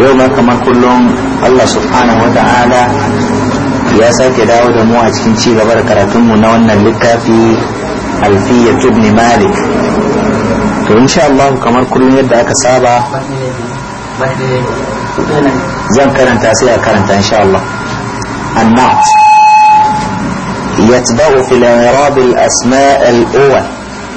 yau ma kamar kullum Allah subhanahu wa ta'ala ya sake dawo da mu a cikin ci gaba da karatunmu na wannan littafi alfiya tubni malik to insha Allah kamar kullum yadda aka saba zan karanta sai a karanta insha Allah annat yatba'u fil i'rab al asma' al awwal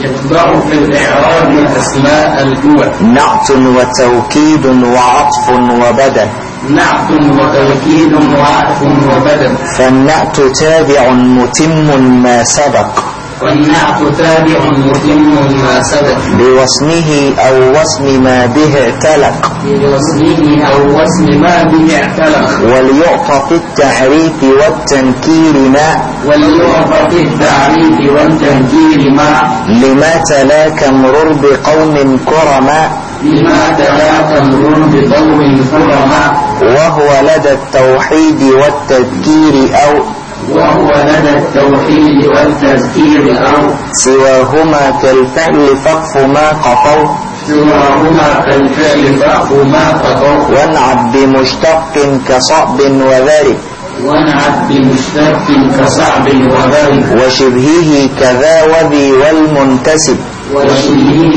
يتبع في الإعراب أسماء الجوة نعت وتوكيد وعطف وبدن نعت وتوكيد وعطف وبدن فالنعت تابع متم ما سبق والنعت تابع متم ما سبق بوصمه أو وصم ما به اعتلق بوصمه أو وصم ما به اعتلق وليعطى في التعريف والتنكير ما وليعطى في التعريف والتنكير ما لما تلاك مرر بقوم كرما لما تلاك مرر بقوم كرما وهو لدى التوحيد والتذكير أو وهو لدى التوحيد والتذكير الأرض سواهما كالفعل فقف ما قطوت سواهما كالفعل فقف ما قطوت وانعب بمشتق كصعب وذلك وانعب بمشتق كصعب وذلك وشبهه كذا وذي والمنتسب ونعتو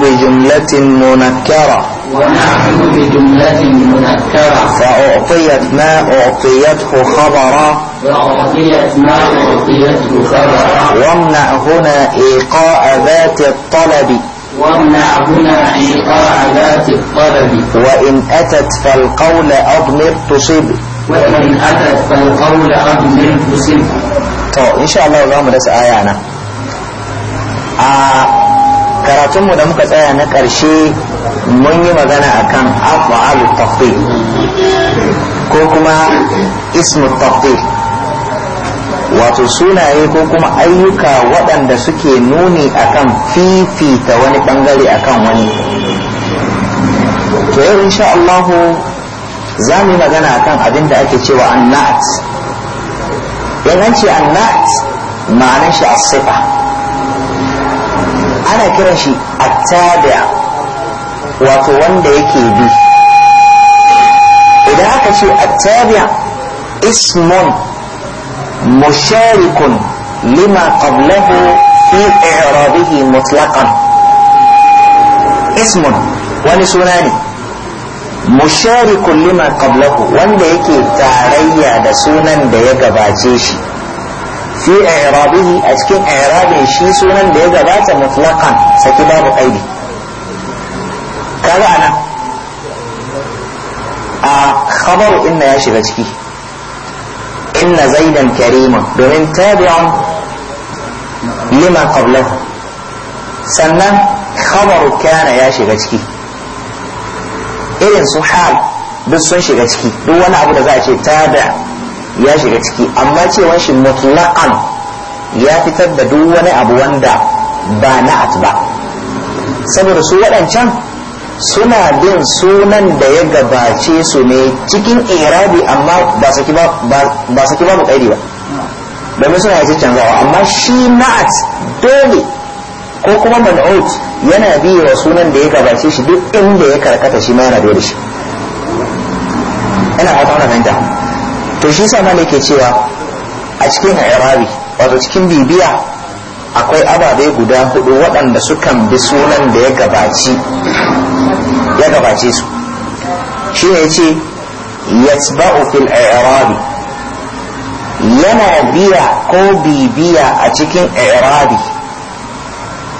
بجملة منكرة ونعتو بجملة منكرة فأعطيت ما أعطيته خبرا فأعطيت ما أعطيته خبرا وامنع هنا إيقاء ذات الطلب وامنع هنا إيقاع ذات الطلب وإن أتت فالقول أضمر تصب وإن أتت فالقول أضمر تصب to insha Allah za mu dasa aya na a karatunmu da muka tsaya na ƙarshe mun yi magana akan af'al taqdi ko kuma ismu taqdi wato sunaye ko kuma ayyuka waɗanda suke nuni akan fifita wani ɓangare akan wani to yau insha Allah za mu yi magana akan abin da ake cewa annat don an ce annat ma'anar shi a sifa ana kiran shi a tabi'a wato wanda yake bi idan aka ce a tabi'a ismun musharikun lima qablahu fi i'rabihi mutlaqan ismun wani suna ne musharikun lima qablahu wanda yake tarayya da sunan da ya gabace shi fi i'rabihi a cikin i'rabin shi sunan da ya gabata mutlaqan saki babu qaidi kaga ana a khabaru inna ya shiga ciki inna zaidan karima domin tabi'un lima qablahu sannan khabaru kana ya shiga ciki irin su hal duk sun shiga ciki duk wani abu da za a ce tada ya shiga ciki amma cewa shi mutlaqan ya fitar da duk wani abu wanda ba na'at ba saboda su waɗancan suna bin sunan da ya gabace su ne cikin irabi amma ba saki ba mu ƙairi ba domin suna yace canzawa amma shi na'at dole ko kuma manaut yana biye wa sunan da ya gabace shi duk inda ya karkata shi ma yana da shi ina fata wannan da to shi sa malai ke cewa a cikin irabi wato cikin bibiya akwai ababe guda hudu waɗanda sukan bi sunan da ya gabaci ya gabace su shi ne ce yasba'u fil irabi yana biya ko bibiya a cikin irabi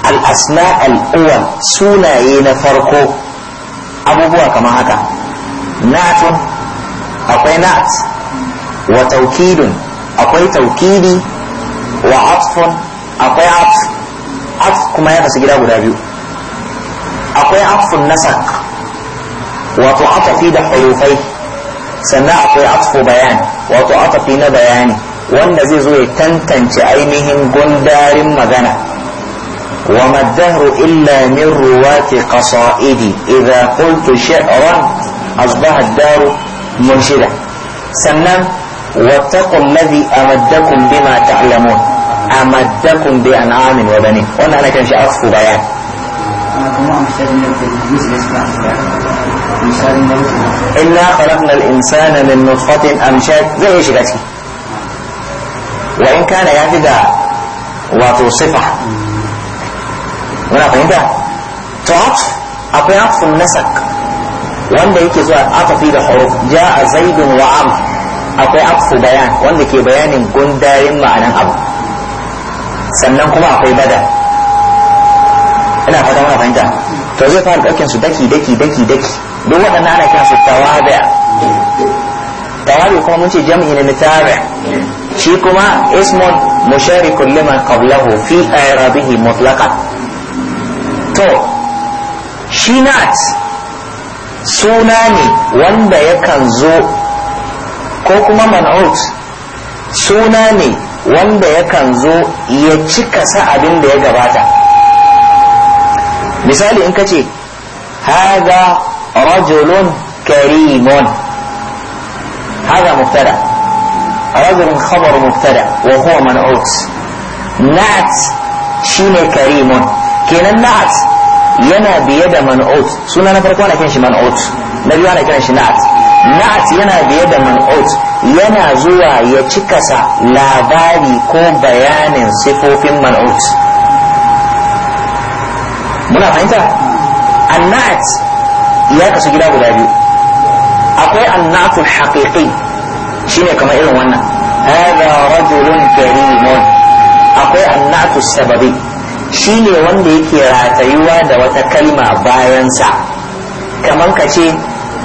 al'asna al'uwan sunaye na farko abubuwa kamar haka natun akwai nat wa taukidun akwai taukidi wa atfun akwai atf atf kuma ya kasu gida guda biyu akwai atfun nasak wato atafi da hurufai sannan akwai atfu bayan wato atafi na bayani wanda zai zo ya tantance ainihin gundarin magana وما الدهر إلا من رواة قصائدي إذا قلت شعرا أصبح الدهر منشدا سنن واتقوا الذي أمدكم بما تعلمون أمدكم بأنعام وبنين وأنا أنا كان في بيان إنا خلقنا الإنسان من نطفة أمشاد زي شكاتي وإن كان يعتدى وتوصفه muna fahimta to hatf akwai hatfun nasak wanda yake zuwa atafi da huruf ja'a zaidun wa am akwai atfu bayan wanda ke bayanin gundarin ma'anan abu sannan kuma akwai bada ina fata muna fahimta to zai fara ɗaukin su daki daki daki daki duk waɗannan ana kiran su tawada tawada kuma mun ce jam'i ne tabi shi kuma ismun musharikun liman qablahu fi i'rabihi mutlaqan to shi nat suna ne wanda yakan zo ko kuma manhut suna ne wanda yakan zo ya cika sa abin da ya gabata misali in ka ce haga rajulun karimun haga muftada rajulun khabar muftada wa huwa man'ut nat shine karimun kenan na'at yana biye da man'ut suna na farko ana kiran shi man'ut na biyu ana kiran shi na'at na'at yana biye da man'ut yana zuwa ya cikasa labari ko bayanin sifofin man'ut muna fahimta annat ya kasu gida guda biyu akwai annatul haqiqi shine kamar irin wannan hadha rajulun karimun akwai annatu sababi ne wanda yake ratayuwa da wata kalma bayansa kamar ka ce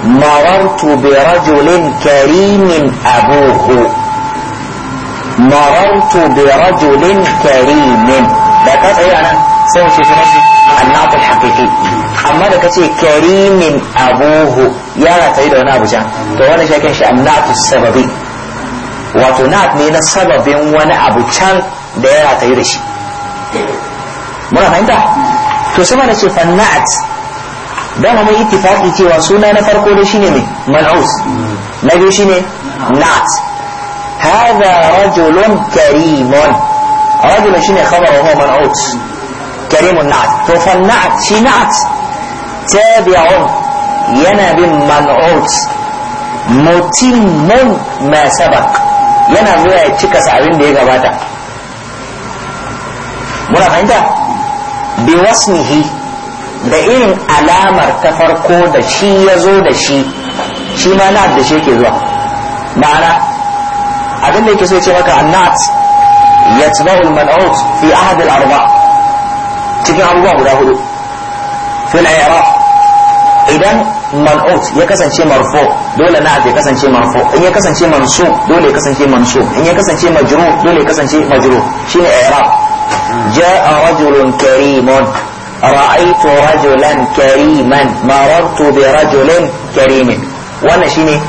marartu bi rajulin karimin abuhu marartu bi rajulin karimin da ka tsaye nan sai wace shi nashi annabi haqiqi amma da ka ce karimin abuhu ya ratayi da wani abu to wannan shi kan shi sababi wato na ne na sababin wani abu can da ya ratayi da shi muna fahimta to sama da ce fanna'at dama mun ittifaqi cewa suna na farko da shine mai mal'us na biyu shine na'at hadha rajulun karimun rajulun shine khabar wa mal'ut karimun na'at to fanna'at shi na'at tabi'un yana bin mal'ut mutimmun ma sabaq yana zuwa ya cika sa abin da ya gabata muna fahimta bi wasnihi da irin alamar ta farko da shi ya zo da shi shi ma na da shi ke zuwa ma'ana abin da yake so ce maka annat yatba'u ulman out fi ahadul arba cikin abubuwa guda hudu fil i'rab idan man'ut ya kasance marfo dole na ya kasance marfo in ya kasance mansu dole ya kasance manso in ya kasance majru dole ya kasance majru shine i'rab جاء رجل كريم رأيت رجلا كريما مررت برجل كريم وانا شيني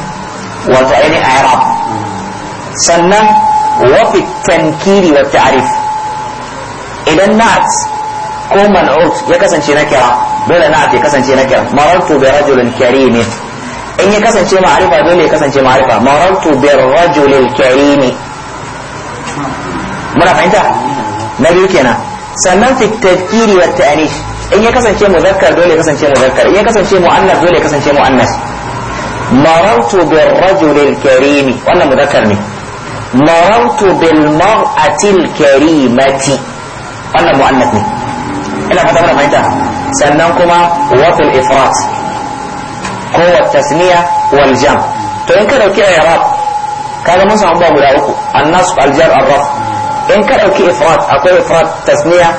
وفعلني اعراب سنة وفي التنكيل والتعريف اذا نعت كون من عرض يكسن شي نكرة بلا نعت يكسن شي نكرة مررت برجل كريم ان يكسن شي معرفة بلا يكسن شي معرفة مررت برجل الكريم مرة فعندها na biyu kenan sannan fi tadkiri wa ta'anis in ya kasance muzakkar dole ya kasance muzakkar in ya kasance mu'annas dole ya kasance mu'annas marautu bil rajulil karim wannan muzakkar ne marautu bil mar'atil karimati wannan mu'annas ne ina fata mana fahimta sannan kuma wa fil ifrat ko wa tasniya wal jam to in ka dauki i'rab kaga mun samu ba guda uku annas al jar al raf in ka ɗauki ifrat akwai ifrat tasniya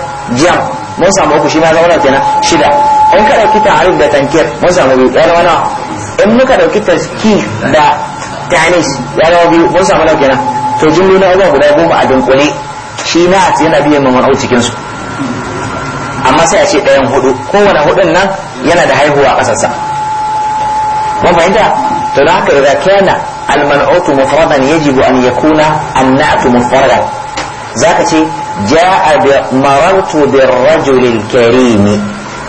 jam mun samu uku shi ma zama kenan shida in ka ɗauki ta'arif da tankir mun samu biyu ya wani in muka ɗauki taski da tanis ya zama biyu mun samu kenan to jumlu na uban guda goma a dunkule shi na a yana biyan mamanau cikinsu amma sai a ce ɗayan hudu kowane hudun nan yana da haihuwa a ƙasarsa mun fahimta to da haka idan kana المنعوت مفردا يجب أن يكون النعت مفردا zaka ce ja'a bi marartu bir rajulil karim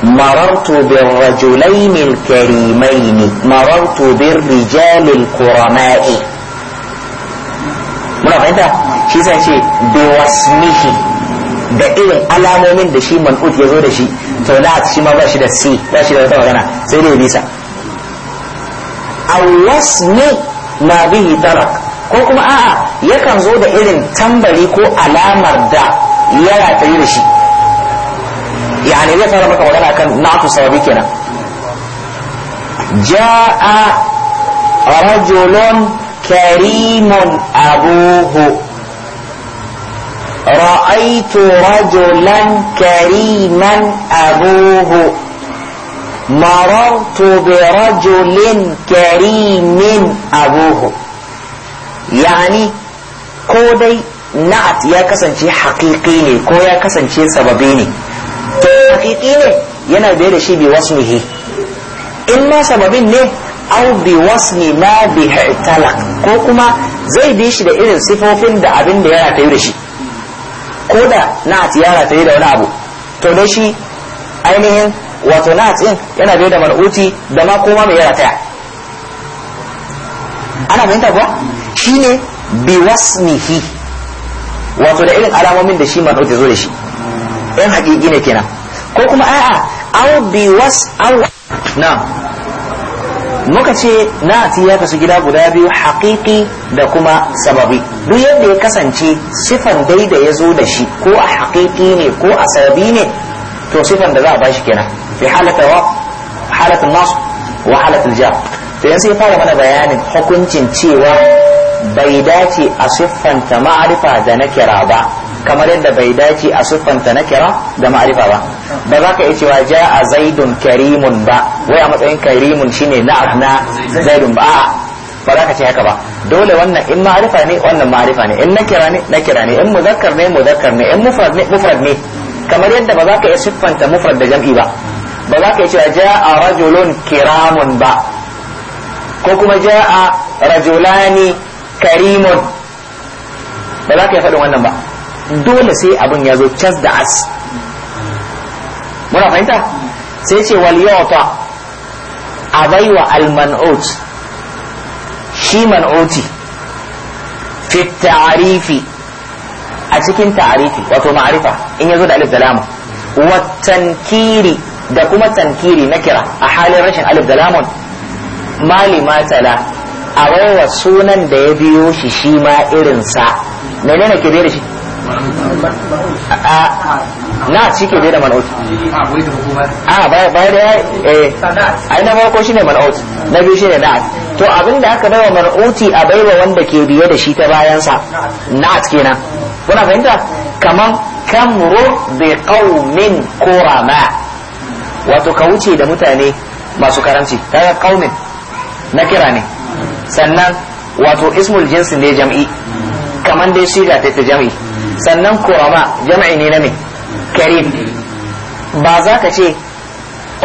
marartu bir rajulain al karimain marartu bir rijal qurama'i muna fahimta shi sai ce bi wasmihi da irin alamomin da shi man'ut ya zo da shi to la shi ma ba shi da si ba shi da wata magana sai dai bisa a wasmi ma bihi tarak ko kuma a'a yakan zo da irin tambari ko alamar da ya rataye da shi yani zai fara maka magana kan na'atu sababi kenan ja'a rajulun karimun abuhu رأيت رجلا كريما أبوه مررت برجل كريم أبوه يعني ko dai na'at ya kasance haƙiƙi ne ko ya kasance sababi ne to haƙiƙi ne yana biye da shi bi wasmihi in ma sababin ne aw bi wasmi ma bi talak ko kuma zai bi shi da irin sifofin da abin da ya tayi da shi ko da na'at ya ratayu da wani abu to dai shi ainihin wato na'at din yana biye da mal'uti da ma koma mai yara taya. ana fahimta shi shine bi wasnihi wato da irin alamomin da shi ma ɗauke zo da shi in haƙiƙi ne kenan ko kuma a'a au bi was na muka ce na ati ya kasu gida guda biyu haƙiƙi da kuma sababi duk yadda ya kasance sifan dai da yazo da shi ko a haƙiƙi ne ko a sababi ne to sifan da za a bashi kenan fi halata wa halatul nasu wa halatul ja. to yanzu ya fara mana bayanin hukuncin cewa bai dace a siffanta ma'arifa da na kira ba kamar yadda bai dace a siffanta na kira da ma'arifa ba ba za ka iya cewa ja a zaidun karimun ba wai a matsayin karimun shine na na zaidun ba ba za ka ce haka ba dole wannan in ma'arifa ne wannan ma'arifa ne in na kira ne na kira ne in muzakkar ne muzakkar ne in mufrad ne mufrad ne kamar yadda ba za ka iya siffanta mufrad da jam'i ba ba za ka iya cewa ja a rajulun kiramun ba ko kuma ja a rajulani karimun ba za ka yi faɗin wannan ba dole sai abin ya zo cas da as muna fahimta sai ce wal yawata a al alman'ut shi man'uti fi ta'arifi a cikin ta'arifi wato ma'arifa in ya zo da alif da lamun wa tankiri da kuma tankiri na kira a halin rashin alif da lamun mali matala a baiwa sunan da ya biyo shi shi ma irinsa menene ke da shi na shi ke da man'ut a baya baya da eh ai na farko shine man'ut na biyu ne na'at to abin da aka baiwa man'uti a baiwa wanda ke biye da shi ta bayansa na'at kenan kuna fahimta kaman kamru bi qaumin qurama wato ka wuce da mutane masu karanci ta kaumin na kira ne sannan wato ismul jinsin ne jam'i kamar dai da ta jam'i sannan kurama jam'i ne na me karim ba za ka ce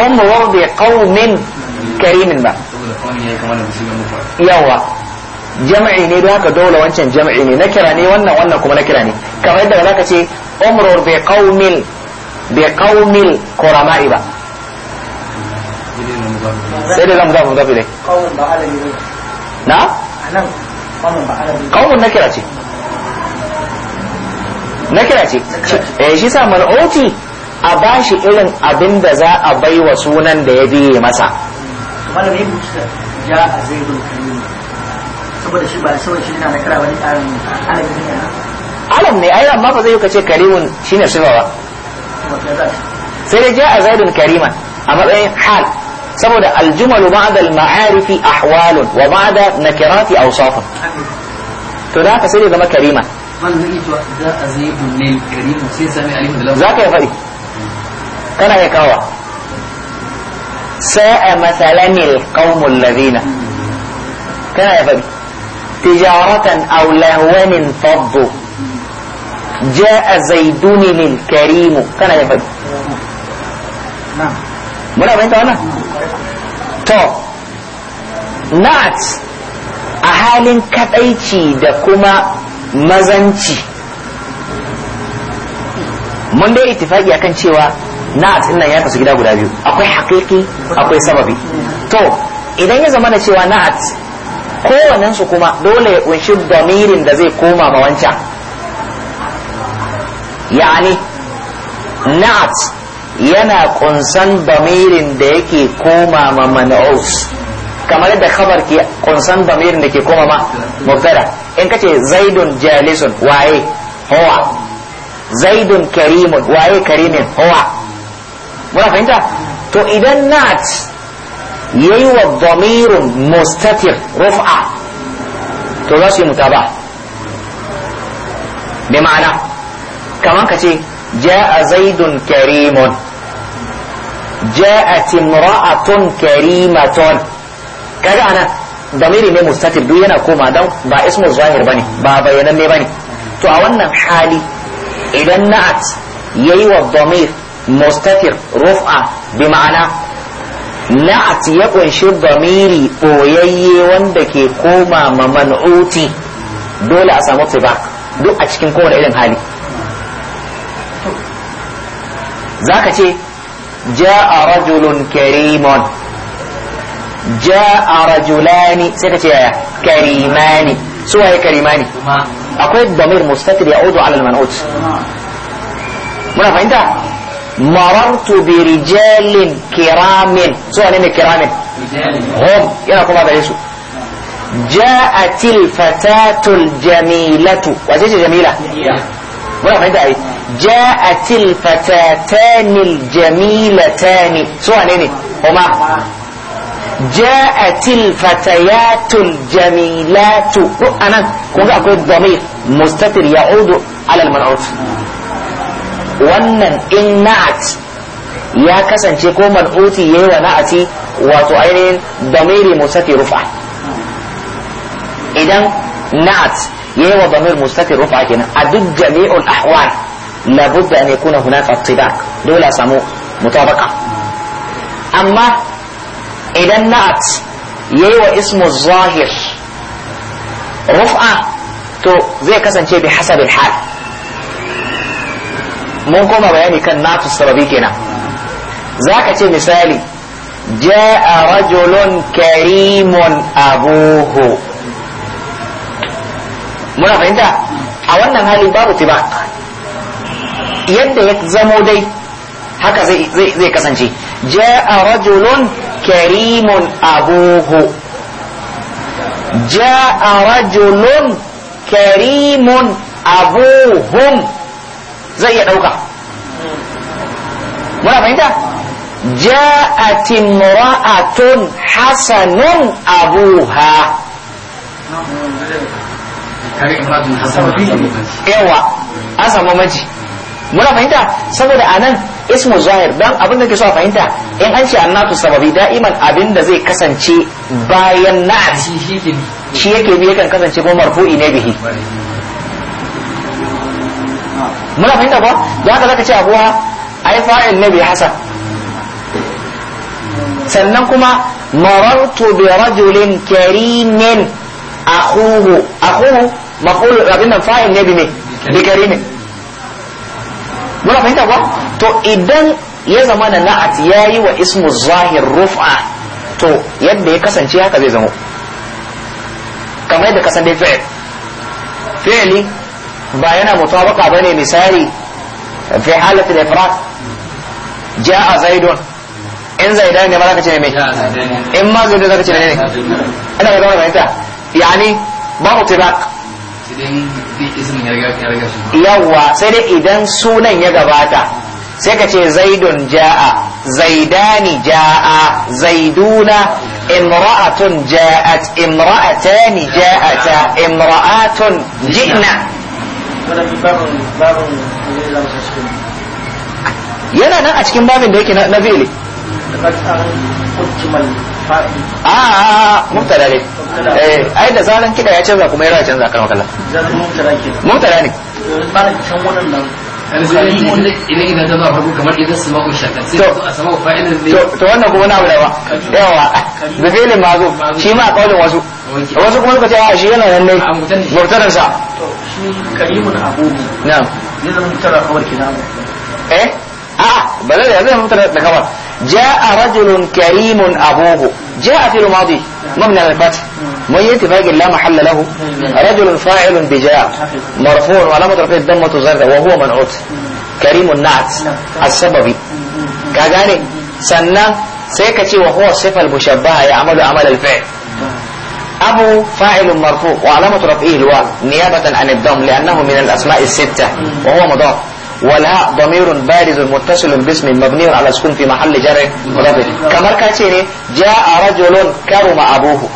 ummu wardi qaumin karimin ba yawa jam'i ne da haka dole wancan jam'i ne na kira ne wannan wannan kuma na kira ne kamar yadda za ka ce umru bi qaumil bi qaumil kurama'i ba sai da zamu zamu zafi dai na na kira ce Na kira ce eh shi sa Oti a ba shi irin abin da za a bai wa sunan da ya biye masa saboda shi ba shi na wani alam ne ai amma fa zai yi kace karimun shine sifa ba sai dai ja'a zaidun kariman a matsayin hal saboda aljumalu ba'da al-ma'arifi ahwalun wa ba'da nakirati awsafun to da haka sai ya zama karima za ka yi faɗi kana ya kawa sa'a matsalan alqawmul ladina kana ya faɗi tijaratan aw lahwanin faddu جاء زيدون الكريم كان يا فادي نعم muna bayan wannan to na'at a halin kadaici da kuma mazanci mun dai itifaki akan cewa na din ya kasu gida guda biyu akwai hakiki akwai sababi to idan ya zama da cewa na'at kowannen su kuma dole ya kunshi damirin da zai koma ma wancan ya'ani na'at yana kunsan damirin da yake koma ma manaus kamar da khabar ke kunsan damirin da ke koma ma mubtada in kace zaidun jalisun waye huwa zaidun karimun waye karimin huwa muna fahimta to idan nat yayi wa damirun mustatir rufa to za su yi mutaba bi ma'ana kamar kace ja'a zaidun karimun ja'at imra'atun karimatun kaga ana damiri ne mustatir duk yana koma don ba ismu zahir bane ba bayanan ne bane to a wannan hali idan na'at yayi wa bamir mustatir rufa bima'ana na'at ya kunshi bamiri boyayye wanda ke koma ma man'uti dole a samu ba duk a cikin kowane irin hali zaka ce جاء رجل كريم جاء رجلان سكتي يا كريمان سوى هي كريمان أقول الضمير مستتر يعود على المنعوت منا فأنت مررت برجال كرام سوى نمي كرام هم يلا هذا يسوع جاءت الفتاة الجميلة وزيش جميلة منا فأنت جاءت الفتاتان الجميلتان سوى نيني هما جاءت الفتيات الجميلات انا كنت اقول الضمير مستتر يعود على المنعوت وانا ان نعت يا كسن شيكو منعوتي يا ونعتي وتعينين ضميري مستتر رفع اذا نعت يا ضمير مستتر رفع كنا ادد جميع الاحوال labudda an yakuna hunaka ittibaq dole a samu mutabaka amma idan na'at yayi wa ismu zahir rufa to zai kasance bi hasabil hal mun koma bayani kan na'atu sababi kenan zaka ce misali جاء رجل كريم أبوه muna fahimta a wannan hali babu tibak yadda ya zamo dai haka zai kasance ja'a rajulun karimun abuhu ja'a rajulun karimun abuhum zai iya ɗauka muna fahimta ja'at imra'atun hasanun abuha yawa an samu maji muna fahimta saboda anan ismu zahir don abin da ke so a fahimta in an ce annatu sababi da'iman abin da zai kasance bayan na shi yake bi yakan kasance kuma marfu'i ne bihi muna fahimta ba da haka zaka ce abuwa ai fa'il ne bi hasan sannan kuma marartu bi rajulin karimin akhuhu akhuhu maqulu rabbina fa'il ne bi karimin muna fahimta ba to idan ya zama na na'at ya yi wa ismu zahir rufa to yadda ya kasance haka zai zama kamar yadda kasan dai fi'il fi'ili ba yana mutabaka ba ne misali fi halatul ifrat ja'a zaidun in zaidan ne ba za ka ce mai in ma zaidan za ka ce ne ina ga dole fahimta yani babu tibak yawwa sai dai idan sunan ya gabata sai ka ce zaidun ja'a zaidani ja'a zaiduna imra'atun ja'at imra'atani ja'ata imra'atun ji'na yana nan a cikin babin da yake na fi'ili a mubtada ne eh ai da zaran kida ya canza kuma yana canza kan wakala mubtada ne can wannan nan to wannan kuma na wulawa yawa da filin mazo shi ma kaulin wasu wasu kuma suka ce a shi yana nan ne sa na kawar eh a ba zai zama da kawar جاء رجل كريم أبوه جاء في الماضي مبنى الفتح ميت فاجر لا محل له رجل فاعل بجاء مرفوع ولا رفعه الدم وتزرد وهو منعوت كريم النعت السببي كاغاني سنة سيكتي وهو الصفة المشبهة يعمل عمل الفعل أبو فاعل مرفوع وعلامة رفعه الواو نيابة عن الضم لأنه من الأسماء الستة وهو مضاف والهاء ضمير بارز متصل باسم مبني على سكون في محل جر مضاف كما كاتيني جاء رجل كرم ابوه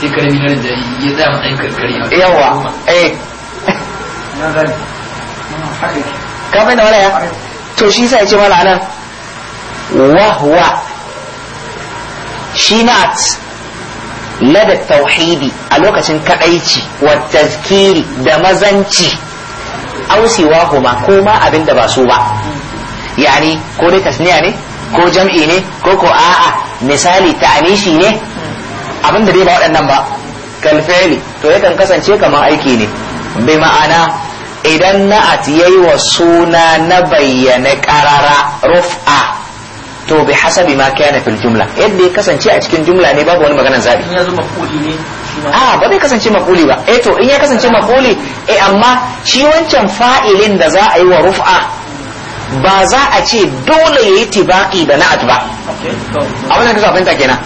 في كلمه يدعم اي كلمه ايوه اي كما نقول وهو شينات لدى التوحيد الوقت كأيتي والتذكير دمزنتي aw huma ko ma abin da ba su ba yani ko dai tasniya ne ko jam'i ne ko ko a'a misali ta'anishi ne abin da dai ba waɗannan ba kalfeli to yakan kasance kamar aiki ne bai ma'ana idan na'at yayi wa suna na bayyana qarara rufa to bi hasabi ma kana fil jumla yadda ya kasance a cikin jumla ne babu wani maganar zabi ya ne a ah, ba zai kasance makuli ba eh to in ya kasance makuli eh amma shi wancan fa'ilin da za a yi wa rufa ba za a ce dole yayi tibaqi da na'at ba a wannan kasa fahimta kenan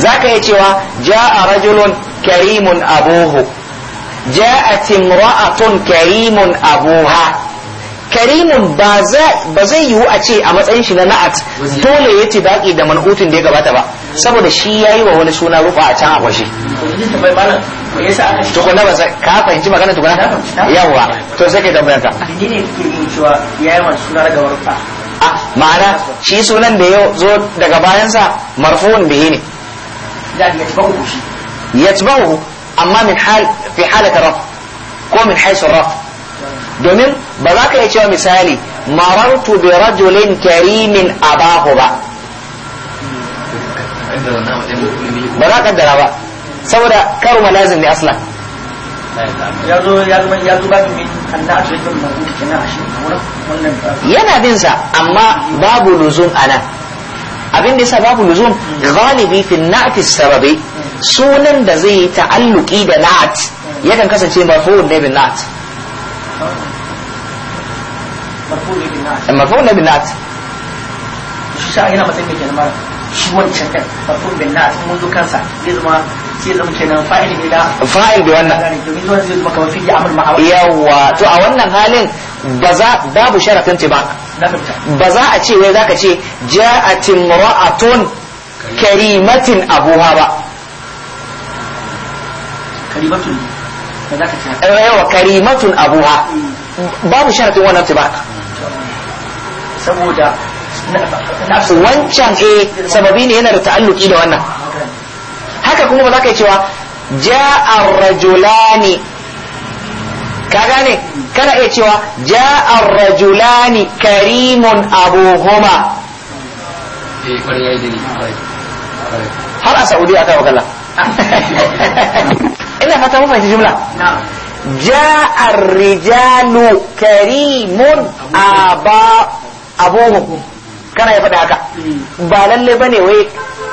zaka iya cewa ja'a rajulun karimun abuhu ja'at imra'atun karimun abuha karimin ba zai yiwu a ce a matsayin shi na na'at dole ya ce baƙi da man'utun da ya gabata ba saboda shi ya yi wa wani suna rufa a can a kwashe tukuna ba sai ka fahimci magana tukuna yawa to sai kai tambayar ka ne ya yi wa suna daga rufa ma'ana shi sunan da ya zo daga bayansa marfu'un bihi ne yatbahu amma min hal fi halati raf ko min haisu raf domin ba za ka iya cewa misali marartu bi rajulin karimin abahu ba ba za dara ba saboda karu lazim ne aslan yana bin sa amma babu luzum ana abin da yasa babu luzum galibi fi na'ti sababi sunan da zai ta'alluki da na'at yakan kasance marfu'un da bin na'at mafhum ne bin nas shi sha yana matsayin mai kenan shi wancan kan mafhum bin nas mun zo kansa zai zama sai zama kenan fa'il ne da fa'il bi wannan domin zuwa zai zama kamar fi'il amr ma'awa yawa to a wannan halin ba za babu sharatin ba ba za a ce wai zaka ce ja'atin ra'atun karimatin abuha ba wa karimatun abuha babu sharaɗin wannan ba. saboda wancan eh sababi ne yana da ta'alluki da wannan haka kuma ba za ka yi cewa ja'ar rajulani ka gane kana iya cewa ja'ar rajulani karimun abuhuma eh, har a saudi aka wakala ina fata mu fahimci jumla ja arrijalu karimun a ba abubu kana ya faɗa haka mm. ba lalle ba ne wai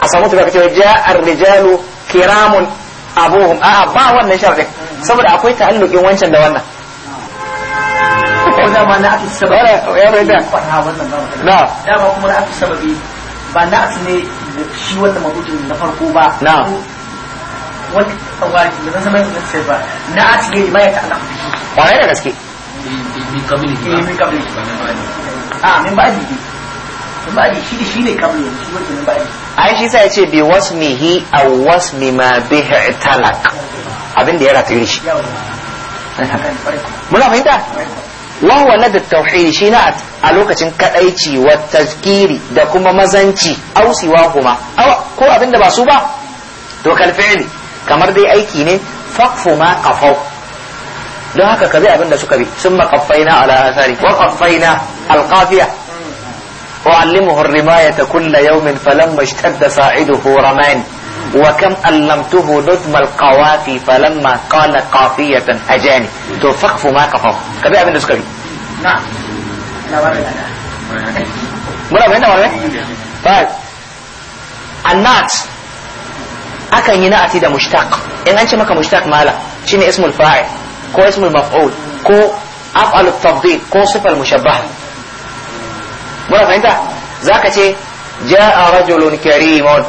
a samu tuba kace ja arrijalu kiramun abuhum a ba wannan sharadin saboda akwai ta'allukin wancan da wannan Na dama kuma na aka sababi ba na ne shi wata mabutin na farko ba wanda ke tsawa ne zan zama yin sai ba na asile ma ya ta'ala kwarai da gaske min kabili min kabili a min ba'adi min ba'adi shi shi ne kabili shi wanda min ba'adi ai shi sai ya ce bi wasmihi aw wasmi ma bihi talak abin da ya rataye shi muna fahimta wahuwa na da tauhidi shi na a lokacin kadaici wa tazkiri da kuma mazanci ausiwa kuma ko abin da ba su ba to kalfi'ili kamar dai aiki ne faqfu ma qafau don haka ka bi abin da suka bi sun maqaffaina ala asari wa qaffaina alqafiya وعلمه الرماية كل يوم فلما اشتد صاعده رمان وكم ألمته نظم القوافي فلما قال قافية أجاني توفقف ما قفاه كبير أبن نسكبي نعم مرة بينا مرة طيب النعت akan yi na'ati da mushtaq in an ce maka mushtaq mala shine ismul fa'il ko ismul maf'ul ko af'al tafdhil ko sifal mushabbah muna fahimta zaka ce ja'a rajulun karimun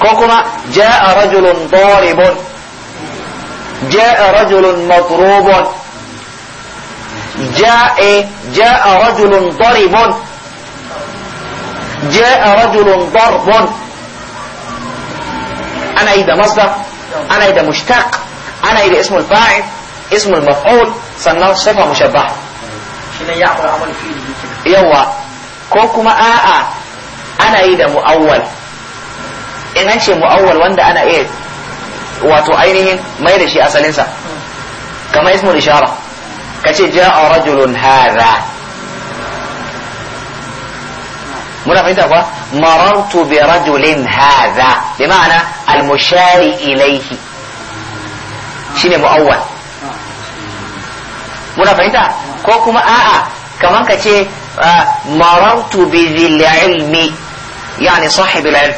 ko kuma ja'a rajulun daribun ja'a rajulun madrubun ja'a ja'a rajulun daribun ja'a rajulun darbun انا إذا مصدر انا إذا مشتق انا إذا اسم الفاعل اسم المفعول صنف صفه مشبهه يوا كوكما ا انا إذا مؤول ان انشي مؤول وأنت انا ايه واتو اينهن ما يدري شيء اصلنسا كما اسم الاشاره كشي جاء رجل هذا منا فهمت مررت برجل هذا بمعنى المشار ilaihi shine mu'awwal muna fahimta ko kuma a'a kaman ka ce marartu bi dhil ilmi yani sahib al ilm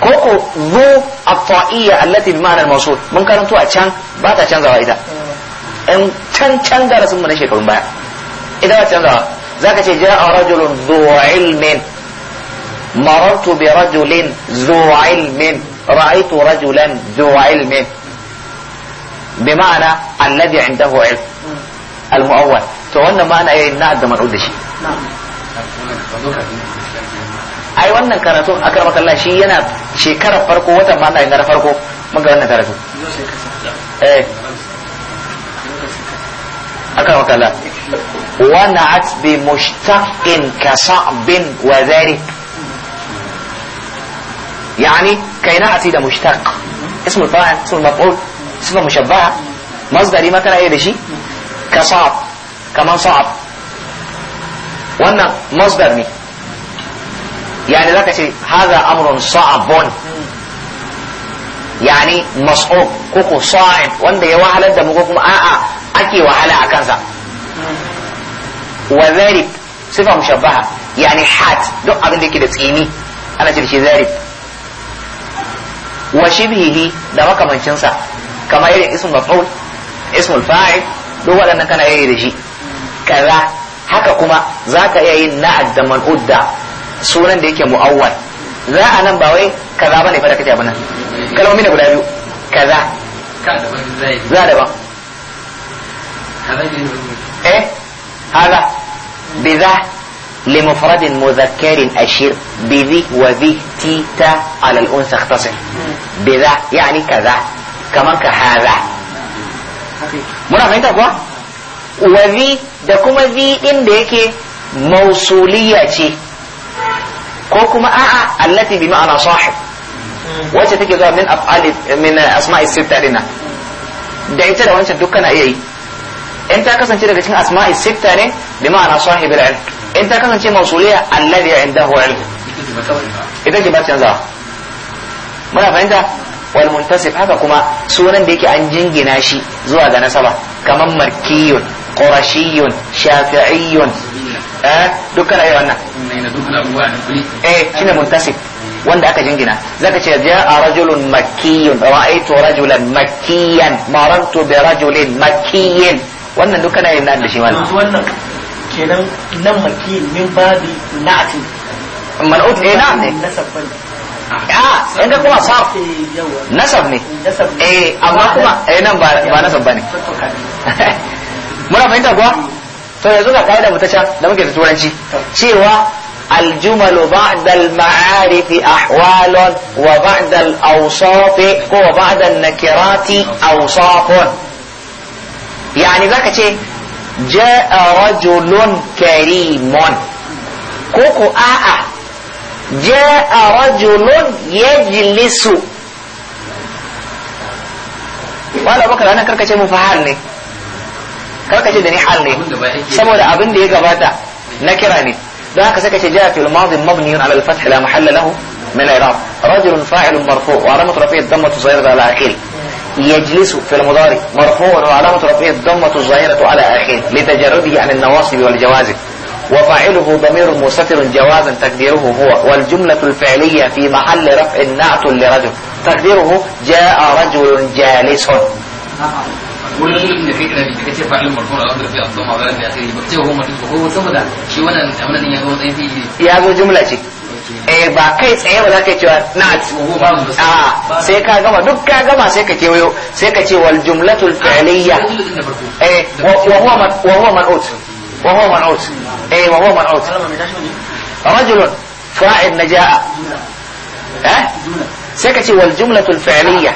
ko ko zo at-ta'iyya allati bi ma'na al-mawsul mun karanto a can ba ta canzawa ita in can can darasin mu na shekarun baya ita ba canzawa zaka ce ja'a rajulun dhu ilmin مررت برجل ذو علم رأيت رجلا ذو علم بمعنى الذي عنده علم المؤول تقولنا معنى ايه انها ده ما نقول شيء نعم. اي وانا كانتو اكرمك الله شيء انا شيء كرف فرقه وطا ما انا انا فرقه ما قلنا كانتو ايه اكرمك الله ونعت بمشتق كصعب وذلك يعني كي نأتي ده مشتق اسم الفاعل اسم المفعول صفة مشبهة مصدر دي مثلا ايه بشي كصعب كمان صعب وانا مصدر مي يعني لك شيء هذا امر صعب يعني مصعوب كوكو صعب وانا يا يوحل ده مكوكم اه اه اكي وحلا اكنسا وذلك صفة مشبهة يعني حات دو ابن دي كده تقيني انا تلشي ذلك wa shibhihi da makamancinsa kamar irin ismul maf'ul ismul fa'il duk waɗannan kana yayi da shi kaza haka kuma zaka iya yin na'ad da man'ud sunan da yake mu'awwal za a nan ba wai kaza bane fa da kace abana kalmomi ne guda biyu kaza za da ba eh hala bi za لمفرد مذكر أشير بذي وذي تي على الأنثى اختصر بذا يعني كذا كمان كهذا muna fahimta kuwa wazi da kuma zi din da yake mausuliya ce ko kuma a'a allati bi ma'ana sahib wacce take zuwa min af'ali min asma'i sitta dina da ita da wancan dukkan iya yi in ta kasance daga cikin asma'i sitta in ta kasance mausuliya inda indahu ilm ita ce ba canza muna fahimta wal muntasib haka kuma sunan da yake an jingina shi zuwa ga nasaba kamar markiyun qurashiyun shafi'iyun eh dukkan ayi wannan eh shine muntasib wanda aka jingina zaka ce a rajulun makkiyun ra'aytu rajulan makkiyan marantu bi rajulin makkiyin wannan dukkan ayi da shi wannan kenan nan maki min babi na'ati mal'ut eh na'am ne nasab bane in ah, eh, ka kuma sa eh, nasab ne eh amma kuma eh nan ba nasab bane muna fahimta kuwa to yanzu ga kaida mu ta can da muke da turanci cewa الجمل بعد المعارف أحوال وبعد الأوصاف وبعد النكرات أوصاف يعني ذاك شيء جاء رجل كريم كوكو آآ جاء رجل يجلس wala baka ana karkace mu fa hal ne karkace da ni hal ne saboda abin da ya gabata na kira ne don haka saka ce jaa fil madi mabni ala al fath la mahalla lahu min al rajul fa'il marfu' wa alamat rafi'i dhamma tusayir ala akhir يجلس في المضارع مرفوع وعلامة رفعه الضمة الظاهرة على آخره لتجرده عن النواصب والجوازم وفاعله ضمير مستتر جوازا تقديره هو والجملة الفعلية في محل رفع نعت لرجل تقديره جاء رجل جالس ولا ولكن ان فكره كتير فعل مرفوع الامر في الضمه ما بلد يا اخي هو ما تسبقه وسبدا شي وانا امنا ان يغوص ايه في يا جمله شي eh ba kai tsaye ba za ka cewa na a ah, sai ka gama duk ka gama sai ka kewayo sai ka ce wal jumlatul ah, fi'liyya eh wa huwa wa huwa man'ut wa huwa man'ut eh wa huwa man'ut rajul fa'il najaa eh sai ka ce wal jumlatul fi'liyya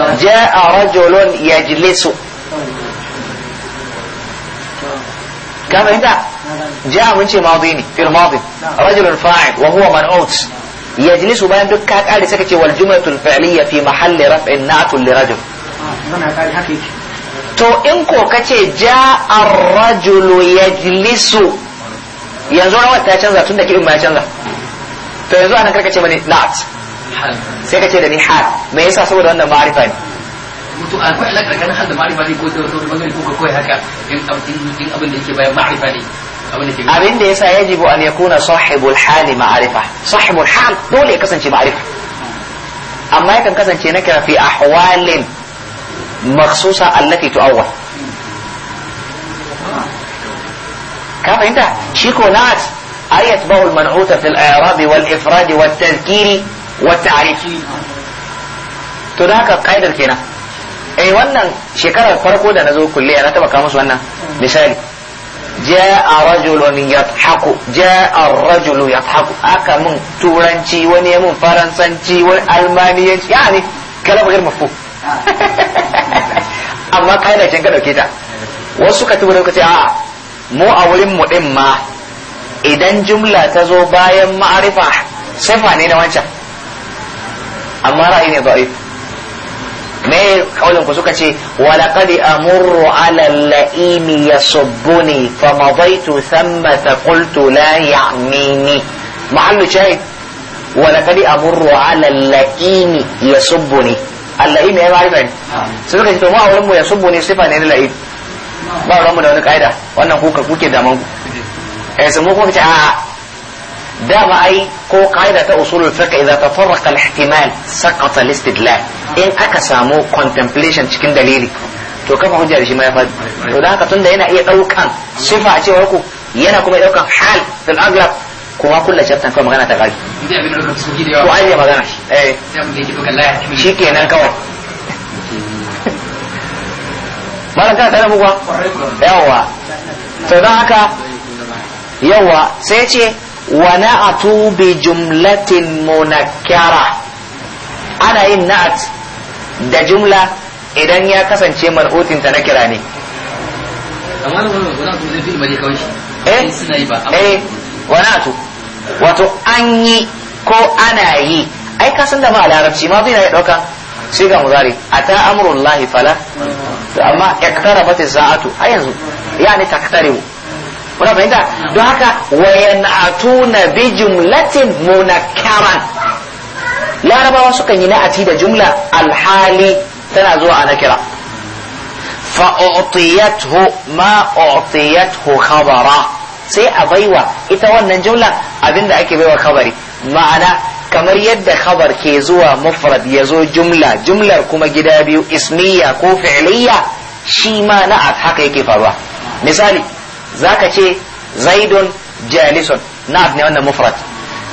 ah, jaa rajulun yajlisu ka fahimta ja mun ce madi ne fil madi rajulun fa'il wa huwa man'ut yajlisu bayan duk ka kare saka ce wal jumlatul fi'liyya fi mahalli raf'in na'tun li rajul to in ko ce ja ar ya yajlisu yanzu rawar ta canza tun da kiɗin ma ya canza to yanzu ana karka ce mani na'at sai ka ce da ni hal me yasa saboda wannan ma'arifa ne mutu akwai alaƙa ganin hal da ma'arifa ne ko da wani bangare ko koya haka in abin da yake bayan ma'arifa ne abin da yasa jibu an yakuna sahibul hali ma'arifa sahibul hal dole ya kasance ma'arifa amma yakan kasance na kira fi ahwalin makhsusa allati tu'awwal ka fahimta shi ko na'at ayat ba'ul man'uta fil i'rab wal ifrad wat tadhkiri wat ta'rif to da haka kaidar kenan eh wannan shekarar farko da nazo kulliya na taba ka musu wannan misali ja'a rajulun yadhaku ja'a rajulu yadhaku aka mun turanci wani mun faransanci wani almaniyanci yani kalama gar mafu amma kai da kin ka dauke ta wasu ka tuba ka ce a'a mu a wurin mu din ma idan jumla ta zo bayan ma'arifa sifa ne na wancan amma ra'ayi ne da'if me kaulin ku suka ce wa laqad amurru ala al-la'imi yasubbuni fa madaitu thumma qultu la ya'mini mahallu shahid wa laqad amurru ala al-la'imi yasubbuni al-la'imi ya ma'rifa ne sai suka ce to ma wurin mu yasubbuni sifa ne na la'im ba wurin mu da wani kaida wannan kuka kuke da man eh sai mu kuma ce dama ai ko ka'ida ta usulul fiqh idza tafarraqa al-ihtimal saqata al-istidlal in aka samu contemplation cikin dalili to kafa hujja da shi ma ya faɗi. to da haka tunda yana iya ɗaukan sifa a cewa ku yana kuma ɗaukan hal fil aglab kuma kullu shartan kawai magana ta kai ko ai magana eh shi kenan kawai malam kana tare bugwa yawa to da haka yawa sai ce ونعتوا بجملة منكرة أنا إن نعت da jumla idan ya kasance mar'utin ta na ne eh wanatu wato an yi ko ana yi ai ka san da ma larabci ma zai ya dauka sai ga muzari ata amrullahi fala amma iqtarabat as-sa'atu ai yanzu yani taktaribu muna fahimta don haka wayan na bi jumlatin munakkaran larabawa sukan yi na'ati da jumla alhali tana zuwa a nakira fa'utiyathu ma utiyathu khabara sai a baiwa ita wannan jumla abinda ake baiwa khabari ma'ana kamar yadda khabar ke zuwa mufrad ya zo jumla jumlar kuma gida biyu ismiya ko fi'liya shi ma na'at haka yake faruwa misali zaka ce zaidun jalisun na ne wannan mufrad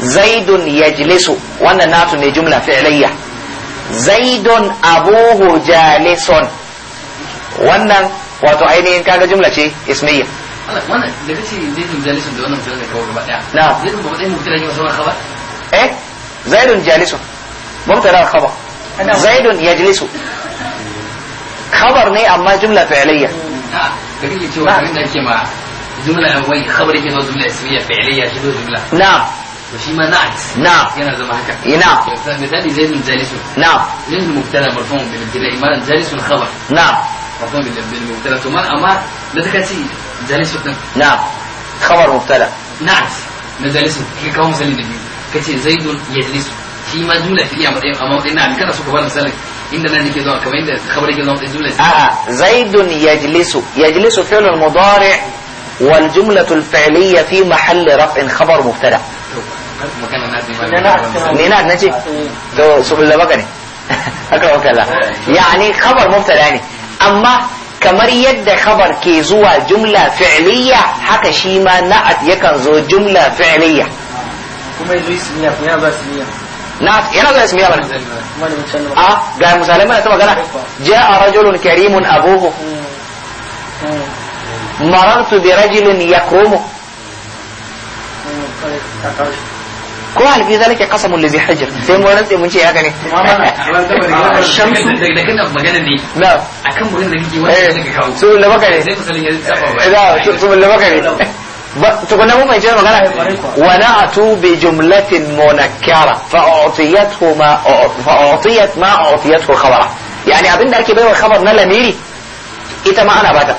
zaidun yajlisu wannan na'atu ne jumla fi'liyya zaidun abuhu jalisun wannan wato ainihin kaga jumla ce ismiyya wannan da kace zaidun jalisun da wannan mutane da kawai gaba daya na'am zaidun ba mutane mutane ne wasu khabar eh zaidun jalisun mubtada khabar zaidun yajlisu khabar ne amma jumla fi'liyya da kake cewa abin da ake ma جملة أولية خبر يجي جملة اسمية فعلية شنو جملة نعم وشي ما نعت نعم يعني زعما هكا حكى نعم مثالي زيد جالس نعم زيد المبتدا مرفوع بالابتداء ما جالس الخبر نعم مرفوع بالمبتدا ثم اما لدكتي جالس نعم خبر مبتدا نعت مجالس في كوم زي النبي كتي زيد يجلس في ما جملة fi'liya a matsayin na kana so ka bani misalin inda nan yake zuwa kamar inda khabar yake zuwa matsayin jumla a'a والجملة الفعلية في محل رفع خبر مبتدا ne na nace to su bulla baka ne haka maka Allah yani khabar mubtada ne amma kamar yadda khabar ke zuwa jumla fi'liya haka shi ma na'at yakan zo jumla fi'liya kuma yanzu ismiya kuma ya ba ismiya na'at yana zuwa ismiya ba a ga misalai mana ta magana ja'a rajulun karimun abuhu hmm. Hmm. مررت برجل يكرمه قال في ذلك قسم لذي حجر في mu من شيء هكذا الشمس ne shamsu da kan magana ne na akan magana da kike wani da kawo so تقول لهم ما يجينا مغانا ونأتوا بجملة منكرة فأعطيته ما فأعطيت ما أعطيته خبرة يعني أبن ده أكي بيوه نلا ميري إذا ما أنا بدا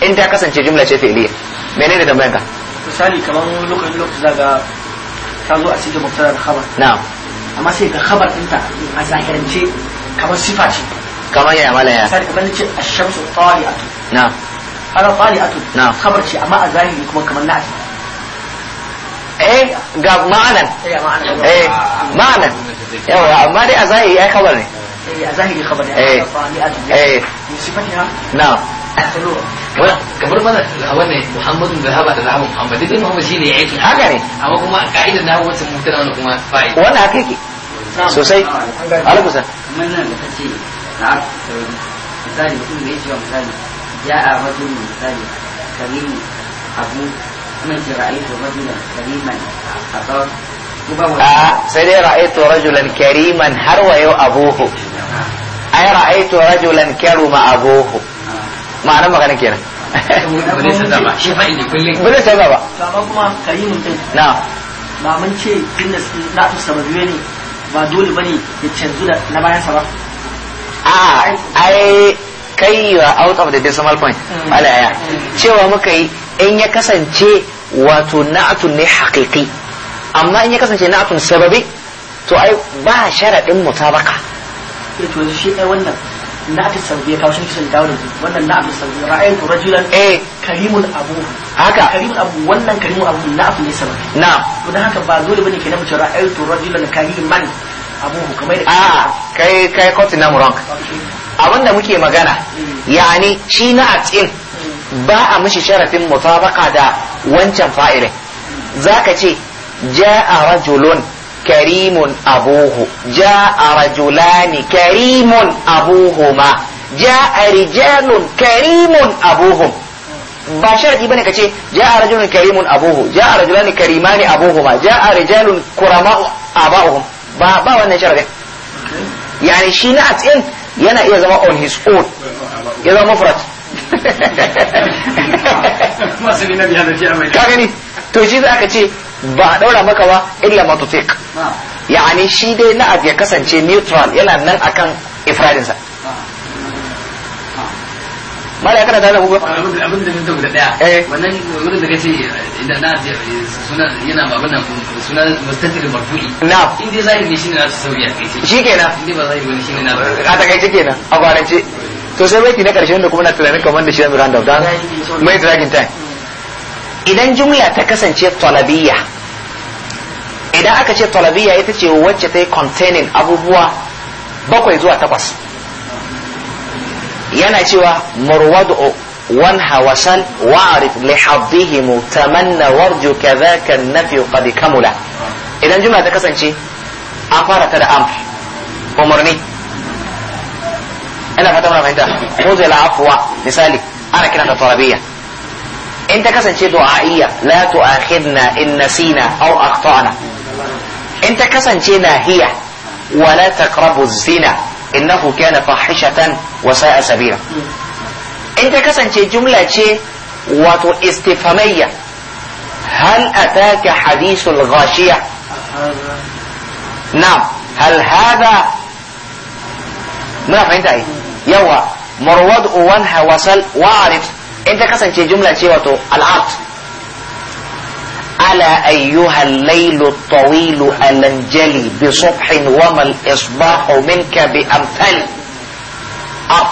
in ta kasance jumla ce fi'liya menene tambayan ka misali kamar lokacin lokacin zaga ta zo a cikin mubtada da khabar na'am amma sai ga khabar ta a zahirance kamar sifa ce kamar ya mala ya sai kamar ce ash-shamsu tali'atu na'am ana tali'atu na'am khabar ce amma a zahiri kuma kamar na'am eh, eh ga ma'anan eh ma'anan yawa amma dai a zahiri ai khabar ne eh a zahiri khabar ne eh eh sifatiha na'am kamar mana wannan muhammadu da haba da zahaba muhammadu din muhammadu shi ne ya yi haka ne amma kuma ka'idar na wata wani kuma fa'i haka na misali mutum da ya misali ya a rajul misali abu ma'anar magana kenan Bude zai saba ba shi faɗi kullum ba saba amma kuma kayi mutum na ba mun ce na su sababiyo ne ba dole bane ya canzu da na bayan sa ba a ai kai wa out of the decimal point hmm. alaya cewa muka yi in ya kasance wato na'atun ne haƙiƙi amma in ya kasance na'atun sababi to ai ba sharaɗin mutabaka eh, to shi ai wannan na'atu saudi ya kawo shi kishin dawo da wannan na'atu saudi ra'ayin rajulan eh karimun abu haka karimun abu wannan karimun abu na'atu ne sabai Na. to dan haka ba dole bane ke na ra'ayin ra'aytu rajulan kariman abu kamar a ah, kai kai kotu na murank abinda muke magana hmm. yani shi na a din hmm. ba a mishi sharafin mutabaka da wancan fa'ilin hmm. zaka ce ja'a rajulun karimun abuhu ja'a rajulani karimun abuhuma ja'a rijalun karimun abuhum ba sharadi bane kace ja'a rajulun karimun abuhu ja'a rajulani karimani abuhuma ja'a rijalun kurama'u aba'uhum ba ba wannan sharadin yani shi na atsin yana iya zama on his own ya zama mufrad ka to shi za ka ce ba a ɗaura maka ba illa ma tutiq ah. yani shi dai na ya kasance neutral yana nan akan ifradinsa sa ah. ah. mala kana da lagu abin da mutum da daya eh. wannan wurin da kace eh, idan na eh, suna yana babban nan suna mustatir marfu'i na in dai shi ne na sauya kai shikenan in dai ba zai yi shi ne na a takaice kenan a gwarance to sai baiti na karshe wanda kuma na tunanin kamar da shi Miranda da mai dragon time idan jumla ta kasance talabiyya idan aka ce talabiyya ita ce wacce ta yi containing abubuwa bakwai zuwa takwas yana cewa murwadu wanha wasal wa'arif li haddihim tamanna warju kadhaka nafi qad kamula idan jumla ta kasance an fara ta da amr umarni ina fata muna fahimta ko zai la'afuwa misali ana ta talabiyya انت شي دعائية لا تؤاخذنا ان نسينا او اخطأنا انت شي ناهية ولا تقربوا الزنا انه كان فاحشه وساء سبيلا انت شي جملة شي واتو استفامية هل اتاك حديث الغاشية نعم هل هذا ما نعم، فهمت ايه يوه مرود وانها وصل وعرفت in ta kasance jumla ce wato al'at ala ayyuha al-lailu tawilu alanjali bi subhin wa mal isbahu minka bi amthali at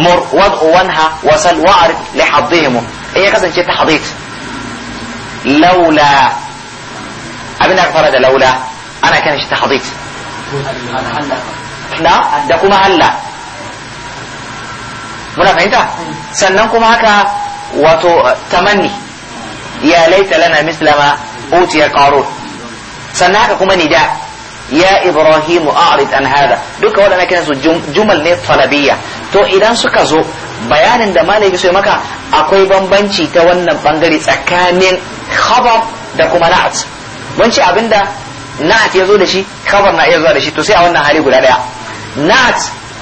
mur wad'u wanha wa sal wa'rif li hadihim in kasance ta hadith laula abin da fara da laula ana kan shi ta hadith na da kuma halla muna fahimta sannan kuma haka wato tamanni ya laita lana mislama utiyar qarun sannan haka kuma nida ya ibrahim a'rid an hada duka waɗannan kiran su jumal ne talabiyya to idan suka zo bayanin da malami sai maka akwai bambanci ta wannan bangare tsakanin khabar da kuma na'at wanci abinda na'at ya zo da shi khabar na iya zuwa da shi to sai a wannan hali guda daya na'at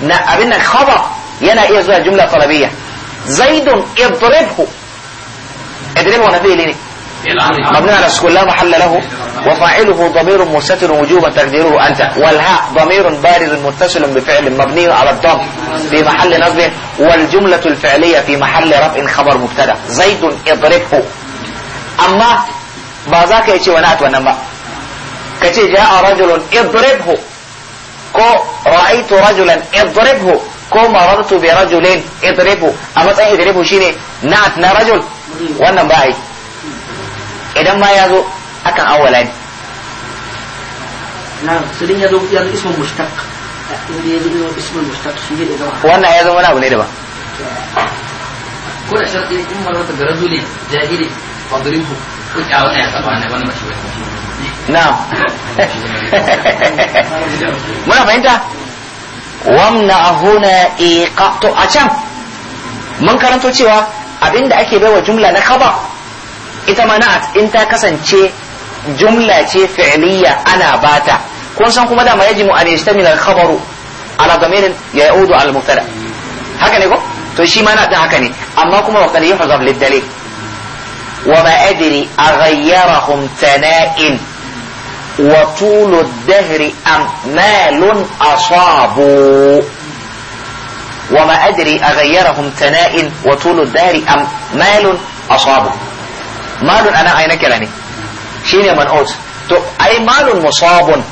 na abinda khabar yana iya zuwa jumla talabiyya زيد اضربه اضربه ونبيه ليه مبني على السكون لا محل له وفاعله ضمير مستتر وجوبا تقديره انت والهاء ضمير بارز متصل بفعل مبني على الضم في محل نصب والجمله الفعليه في محل رفع خبر مبتدا زيد اضربه اما بازاك za ونات ونما كتي جاء رجل اضربه كو رايت رجلا اضربه ko marartu bi rajulin idribu a matsayin idribu shine na'at na rajul wannan ba yi idan ma ya zo akan awwala ne na sudin ya zo ya zo ismul mushtaq inda ya zo ismul mushtaq shi ne da wannan ya zo wani abu ne daban ko da sharadi in marartu bi rajulin jahili fadribu ko ya wannan ya saba ne wannan ba shi ba na'am muna fahimta wamna huna iqa to a can mun karanto cewa abinda ake baiwa jumla na khabar ita mana'at in ta kasance jumla ce fi'liya ana bata kun san kuma dama yajimu an yastamil al-khabaru ala damirin ya'udu al mubtada haka ne ko to shi ma na haka ne amma kuma wa qad yuhzab lid dalil wa ma adri aghayyarahum tana'in وطول الدهر أمال أصابوا وما أدري أغيرهم تناء وطول الدهر أم مال أصابه مال أنا أين كلامي شين أوت أي مال مصاب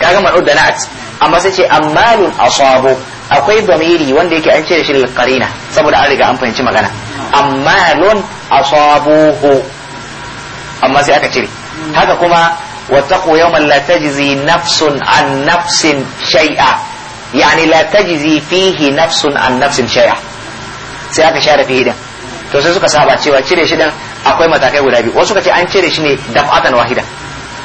كاغا أوت دنات أما سيتي أم مال أصابه akwai zamiri wanda yake an cire shi daga karina saboda an riga an fahimci magana amma lon asabuhu amma sai aka cire haka kuma wattaqu yawman la tajzi nafsun an nafsin shay'a yani la tajzi fihi nafsun an nafsin shay'a sai aka share fihi din to sai suka saba cewa cire shi din akwai matakai guda biyu wasu kace an cire shi ne daf'atan wahida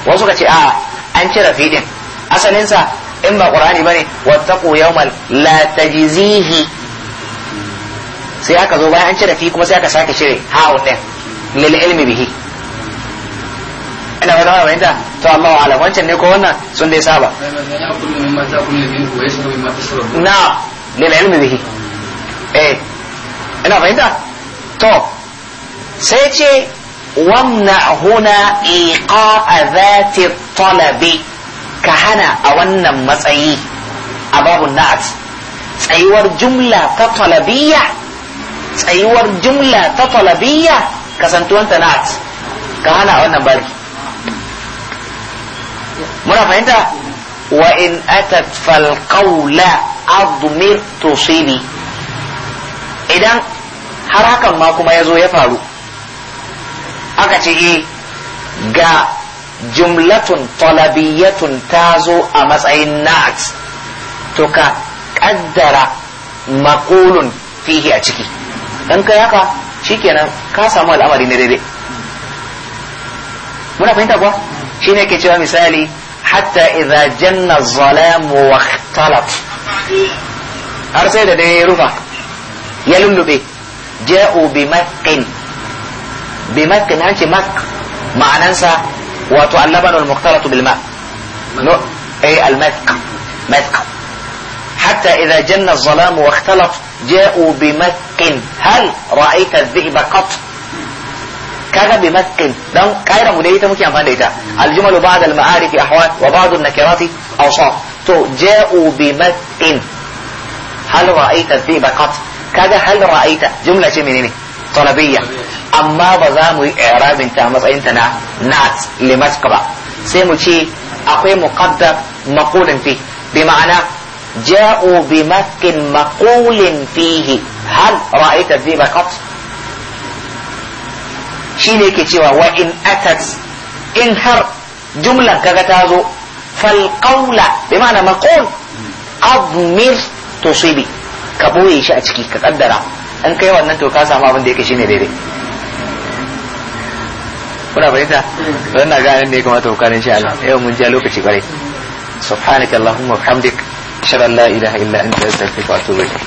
wasu kace a an cire fihi din asalin sa in ba qur'ani bane wattaqu yawman la tajzihi sai aka zo bayan an cire fi kuma sai aka sake cire ha'u din lil ilmi bihi ina ba zama bayanta to amma wa alam wancan ne ko wannan sun dai saba na lil ilmi bihi eh ina bayanta to sai ce wamna huna iqa'a zati talabi ka hana a wannan matsayi a babun na'at tsayuwar jumla ta talabiyya tsayuwar jumla ta talabiyya kasantuwanta na'at ka hana a wannan bari muna fahimta wa in atat fal qawla admir idan har hakan ma kuma ya zo ya faru aka ce eh, ga jumlatun talabiyatun ta zo a matsayin na'at to ka kaddara makulun fihi a ciki in kai haka shikenan ka samu al'amari na daidai muna fahimta kuwa shine ke cewa misali حتى إذا جن الظلام واختلط أرسل ده رفع يلل به جاءوا بمك بمك أنت مك مع ننسى اللبن المختلط بالماء أي المك مك حتى إذا جن الظلام واختلط جاءوا بمك هل رأيت الذئب قط kaga bi maskin dan kaira mu da ita muke amfani da ita aljumalu ba'da al-ma'arif ahwal wa ba'd an-nakirati awsaf to ja'u bi maskin hal ra'aita thibakat kaga hal ra'aita jumla ce menene talabiyya amma ba za mu yi i'rabin ta matsayin ta na nat limask ba sai mu ce akwai muqaddar maqulun fi bi ma'ana ja'u bi maskin maqulun fihi hal ra'aita thibakat Shi ne ke cewa wa in atat in har jumla kaga ta zo fal qawla bi ma'ana maqul admir tusibi ka boye shi a ciki ka kaddara an kai wannan to ka samu abin da yake shine daidai kuna fahimta wannan ga nan ne kamata ku karin insha Allah yau mun ja lokaci kwarai subhanakallahumma wa bihamdik ashhadu an la ilaha illa anta astaghfiruka wa atubu